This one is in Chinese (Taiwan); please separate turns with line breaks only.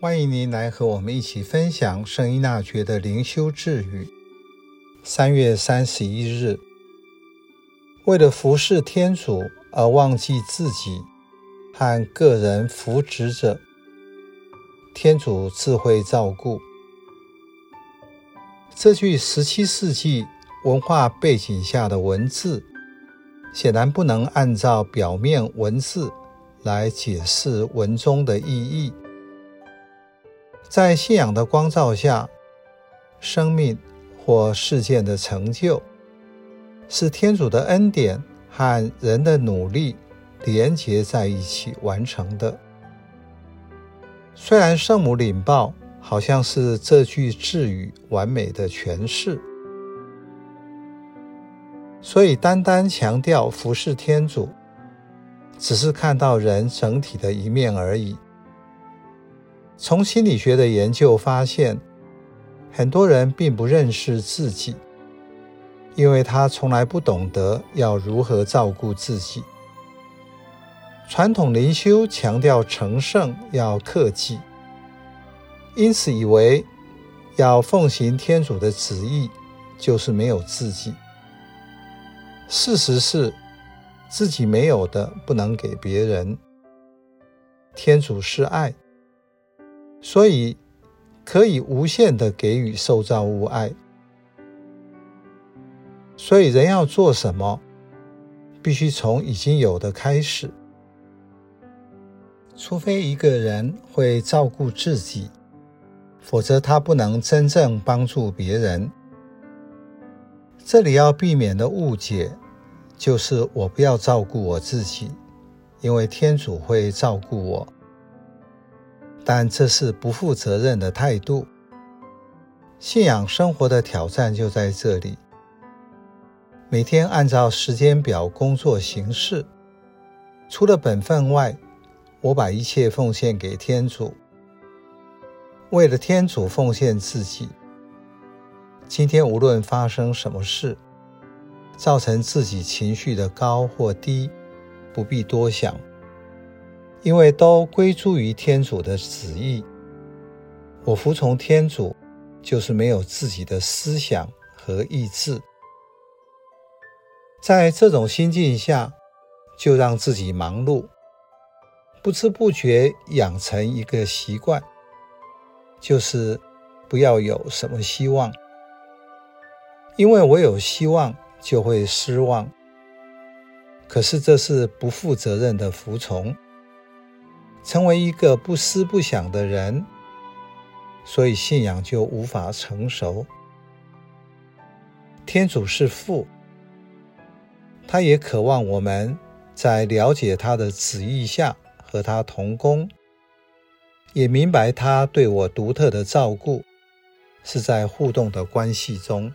歡迎您來和我們一起分享聖依納爵的靈修智語。三月三十一日，為了服事天主而忘記自己和個人福祉者，天主自會照顧。這句十七世紀文化背景下的文字，顯然不能按照表面文字來解釋文中的意義。在信仰的光照下，生命或事件的成就，是天主的恩典和人的努力連結在一起完成的。雖然聖母領報好像是這句智語完美的詮釋，所以單單強調服事天主，只是看到人整體的一面而已。從心理學的研究發現，很多人並不認識自己，因為他從來不懂得要如何照顧自己。傳統靈修強調成聖要克己，因此以為要奉行天主的旨意就是沒有自己。事實是，自己沒有的不能給別人。天主是愛。所以，可以無限地給予受造物愛。所以，人要做什麼，必須從已經有的開始。除非一個人會照顧自己，否則他不能真正幫助別人。這裡要避免的誤解，就是我不要照顧我自己，因為天主會照顧我。但這是不負責任的態度。信仰生活的挑戰就在這裡：每天按照時間表工作行事，除了本分外，我把一切奉獻給天主。為了天主奉獻自己。今天無論發生什麼事，造成自己情緒的高或低，不必多想。因為都歸諸於天主的旨意，我服從天主，就是沒有自己的思想和意志。在這種心境下，就讓自己忙碌，不知不覺養成一個習慣，就是不要有什麼希望，因為我有希望就會失望。可是這是不負責任的服從。成為一個不思不想的人，所以信仰就無法成熟。天主是父，他也渴望我們在了解他的旨意下和他同工，也明白他對我獨特的照顧，是在互動的關係中。